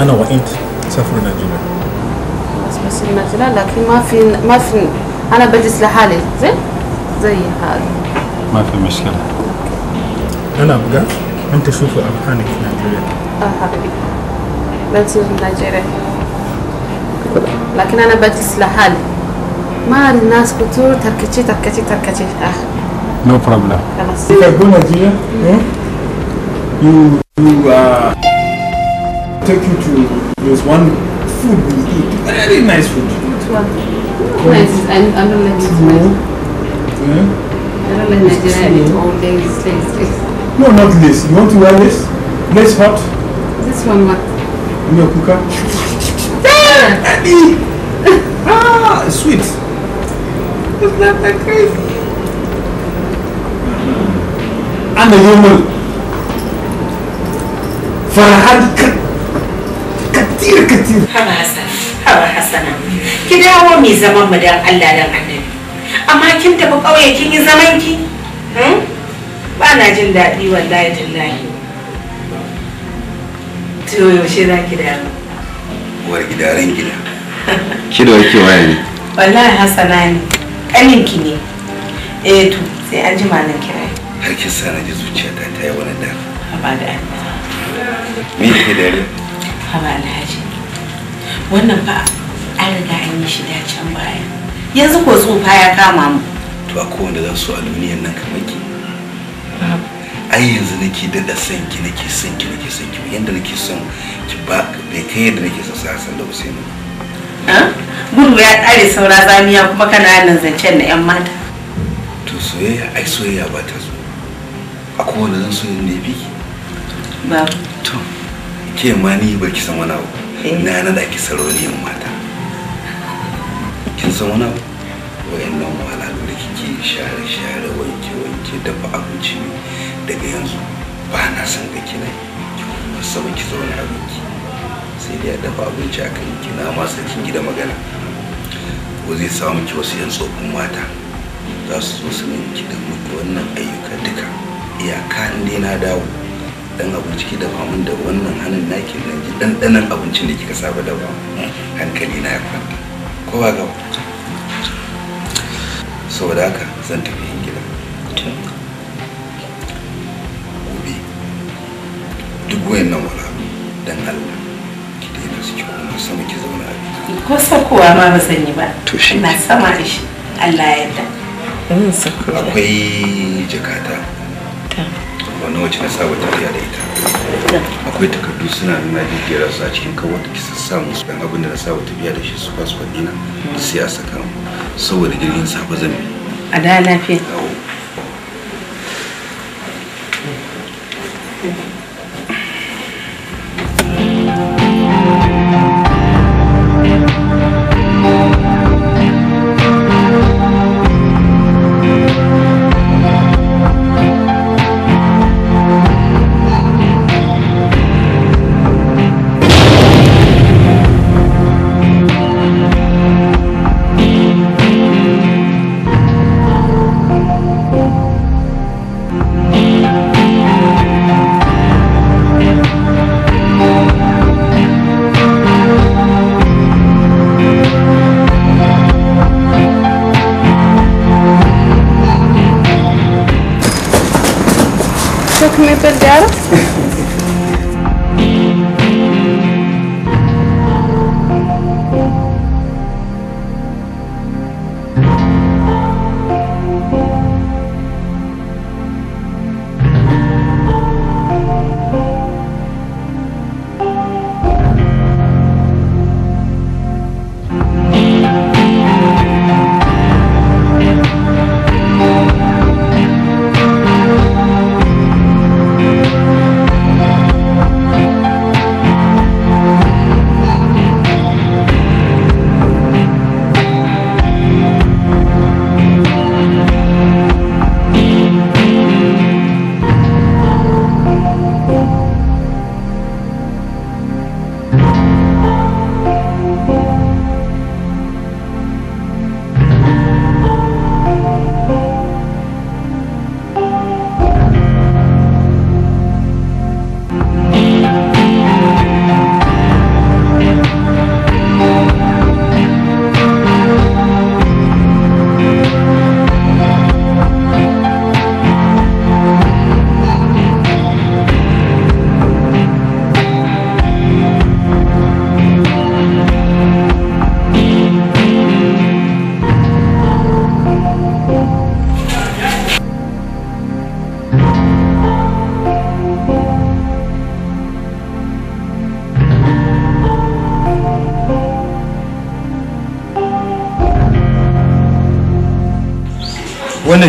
انا وانت تسافروا ناجلة؟ بس المثلة لكن ما في ما في أنا بجلس لحالي زين زي هذا ما في مشكلة أنا أبقى أنت شوفي أبحانك في نيجيريا آه حبيبي بنزل نيجيريا لكن أنا بجلس لحالي ما الناس كتور تركتي تركتي تركتي آه نو بروبلم خلاص إذا نيجيريا you you uh take you to there's one food we eat. Very nice food. Which one? Nice. i i do not like Tumu. Yeah. I don't like Nigeria all day. It's taste, taste. No, not this. You want to wear this? This hot? This one what? In your cooker. ah, sweet. It's not that crazy. And the human. For a cut. katir katir haba hasan haba hasana ki dawo mai zaman mu dan Allah dan annabi amma kin tafi ƙauye kin yi zaman ki hmm? ba na jin daɗi wallahi tallahi to yaushe za ki dawo uwar gidaren gida ki da wake waye ne wallahi hasana ne ƙanin ki ne eh to sai an jima nan kira har kin sa na ji zuciyata ta yi wani da ba da me ke dare haba alhaji wannan fa an riga an yi shi dacen baya yanzu ko tsufa ya kama mu to a kowanne zan so a duniyan nan kamar ki ai yanzu nake daɗa son ki nake son ki nake son ki yanda nake son ki ba bai kai yadda nake son sa san da Usainu gudu ya ƙare saura zamiya kuma kana nan zancen na 'yan mata to soyayya ai soyayya ba ta so a kowane zan so ne bi ba to ke ma ni ba ki san wani abu eh. na na da ki sarauniyar mata kin san wani abu nan wala da kike share share wanke wanke dafa abinci daga yanzu ba na san ka kina ki kuma saba ki zauna abinci sai dai a dafa abinci akan kina ma kin gida magana ko zai samu ki wasu yan tsofin mata za su zo su ki da muku wannan ayyuka duka iyaka ne na dawo dan abinci da dafa min da wannan hannun naki dan ji dandanan abincin da kika saba dafa hankali na ya kwanta ko ba ga saboda haka zan tafi yin gida gobe duk wayannan wala dan Allah ki daina su ki kuma sama ki zauna a ko sakowa ma ba san yi ba to shi na sama da shi Allah ya yarda akwai jakata wani wacce na saba tafiya da ita akwai takardu suna nuna jijjera su a cikin kawo da kisa sa musu abin da na saba tafiya da shi su fasfon dina sai a saka saboda jirgin safa zan bi a daya lafiya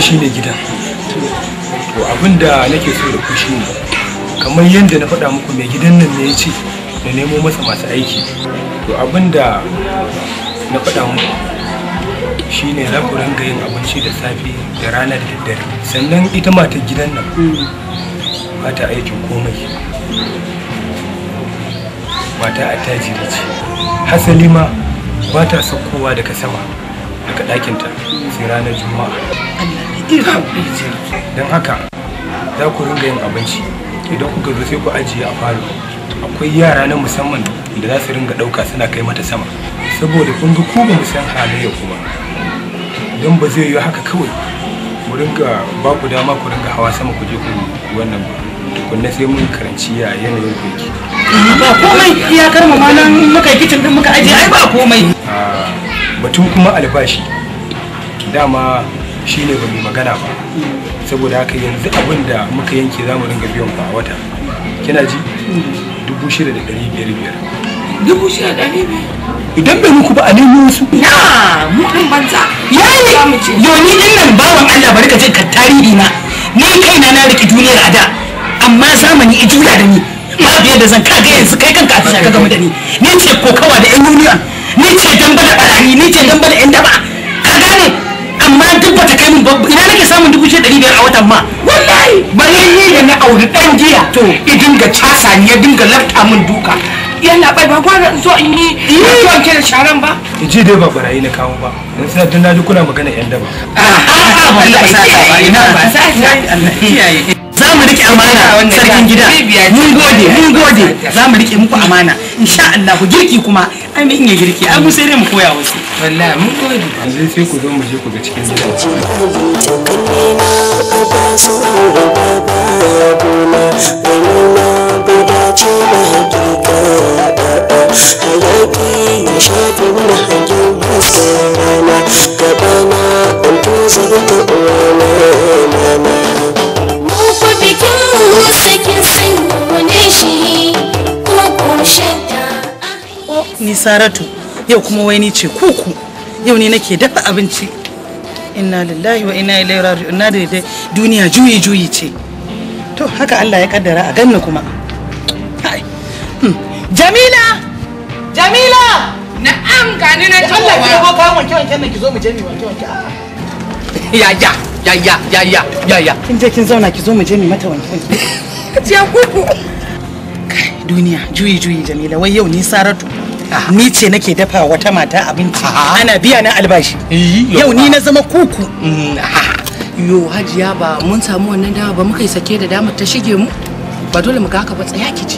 shi ne gidan to abin da nake so da ku shine kamar yadda na faɗa muku mai gidan nan ne ya ce na nemo masa masu aiki to abinda da na faɗa muku shine za ku ringa yin abinci da safe da rana da daddare sannan ita matar gidan nan ba ta aikin komai ba attajiri ce hasali ma ba ta saukowa daga sama daga ɗakinta sai ranar juma'a don haka za ku ringa yin abinci idan kuka zo sai ku ajiye a falo akwai yara na musamman da za su ringa ɗauka suna kai mata sama saboda kun ga ku ba mu san halayya kuma don ba zai yi haka kawai mu ringa ba ku dama ku ringa hawa sama ku je ku wannan ba tukunna sai mun karanci ya yanayin ku ba komai iyakar mu ma nan muka yi kicin din muka ajiye ai ba komai ah, batun kuma albashi dama Shi ne bamu magana ba saboda haka yanzu abin da muka yanke za mu ringa biyan ku a wata kina ji dubu shida da ɗari biyar biyar dubu shida da ɗari biyar idan bai muku ba a nemo wasu na mutum banza yayi yoni din nan bawan Allah bari ka je ka tarihi na ni kaina na riki duniyar a da amma zamani i jura da ni ma biyar da zan kaga yanzu kai kanka a tashi ka gama da ni ni ce kokawa da yan duniya ni ce damba da barani ni ce damba yan daba amma duk bata kai min babu ina nake samun dubu shida biyar a watan ma wallahi bayan ni da na auri dan jiya to i dinga casa ni ya dinga lafta min duka yana bai ba gwara in zo in yi yi wanke da sharan ba ji dai ba barayi na kawo ba dan sai tun na duk kuna magana yan daba a'a ah, ah, wallahi ah, ina ba sai Allah kiyaye za mu rike amana sarkin gida mun gode mun gode za mu rike muku amana insha Allah ku girki kuma ai mun iya girki ai mun sai dai mu koya wasu wallahi mun gode zai sai ku zo mu je ku ga cikin gida Hayaki gabana Oh, ni saratu yau kuma wai ni ce kuku yau ne nake dafa abinci inna lillahi wa inna ilaihi raji'un na da duniya juyi juyi ce to haka Allah ya kaddara a ganna kuma hmm. Jamila Jamila na'am gani na Allah ki zo ka wanke wanke ki zo mu je mu wanke wanke ah. ya ja ya ya ya ya ya ya kin je kin zauna ki zo mu je mu mata wanke wanke ya kuku duniya juyi juyi jamila wai yau ni saratu ni ce nake dafa wata mata abinci ana biya na albashi yau ni na zama kuku mm, yo hajiya ba mun samu wannan dama ba muka yi sake da dama ta shige mu ba dole mu ga haka ba tsaya ki ce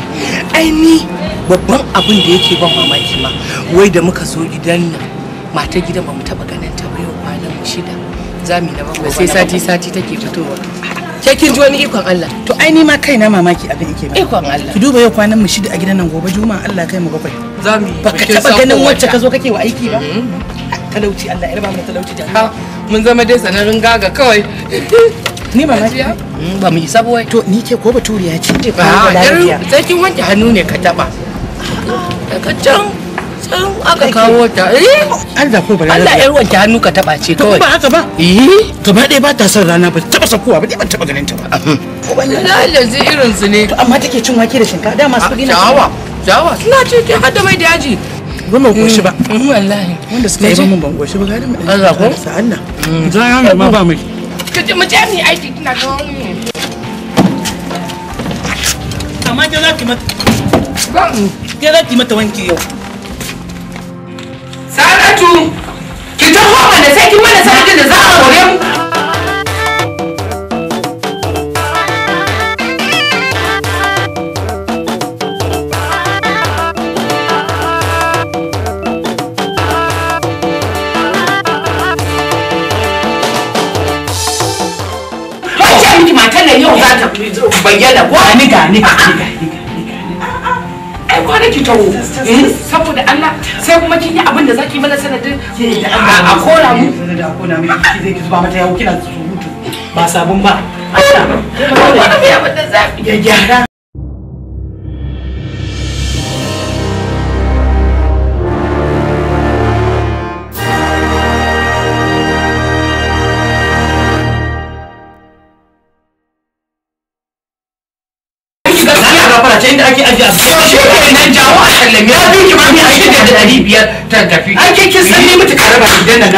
ai ni babban abin da yake ban mamaki ma wai da muka zo gidan nan mata gidan ba mu taba gani zami na bakwai sai sati sati take fitowa ke kin ji wani ikon Allah to ai ni ma kaina mamaki abin yake ba ikon Allah ki duba yau kwanan mu shida a gidan nan gobe juma'a Allah kai mu bakwai zami baka taba ganin wacce ka zo kake wa aiki ba mm-hmm. talauci Allah ya raba mu talauci da mun zama dai sanarin gaga kawai ni ba maji mm, ba mu isa ba to ni ke ko baturiya ce ba ah, sai kin wanke hannu ne ka taba ka ah. can aka kawo ta eh Allah ko bari Allah yar wanke hannu ka taba ce kawai ba haka ba eh gaba ɗaya ba ta son rana ba taba sakuwa ba taba ganin ta ba wallahi lazi irin su ne amma take cin wake da shinkafa dama su gina jawa ah, jawa suna ce ke hada mai da yaji ba mu goshi ba mm, mm, wallahi wanda suka yi mun ban goshi ba mu Allah ko sa mm. za ya ma ba mai kaje mu je mu aiki kina ga wani amma ke za ki mata wanki yau Saratu, ki taho mana sai ki mana sarkin da za a kore mu. Wace yau za ta bayyana ko? Ni ga ni kaga ki taho eh, saboda Allah sai kuma kin yi abin da zaki mana sanadin a kora mu da kona mu ki zai ki zuba mata yau kina mutu ba sabon ba Allah ya gyara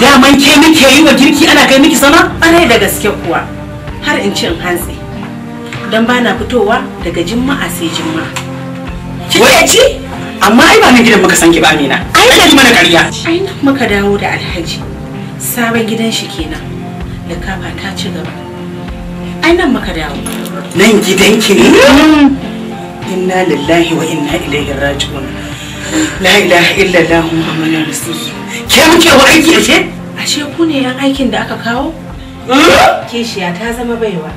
daman ke muke yi wa girki ana kai miki sama Ana da gaske kuwa har in cin hantsi don ba na fitowa daga jimma'a sai jimma'a kike ci amma ai ba nan gidan muka san ki ba mina ai ki mana ƙarya ai nan muka dawo da alhaji sabon gidan shi kenan kafa ta ci gaba ai nan muka dawo nan gidan ki ne inna lillahi wa inna ilaihi raji'un la ilaha illallah muhammadur rasulullah ke muke wa aiki ashe ashe ku ne yan aikin da aka kawo eh? kishiya ta zama baiwa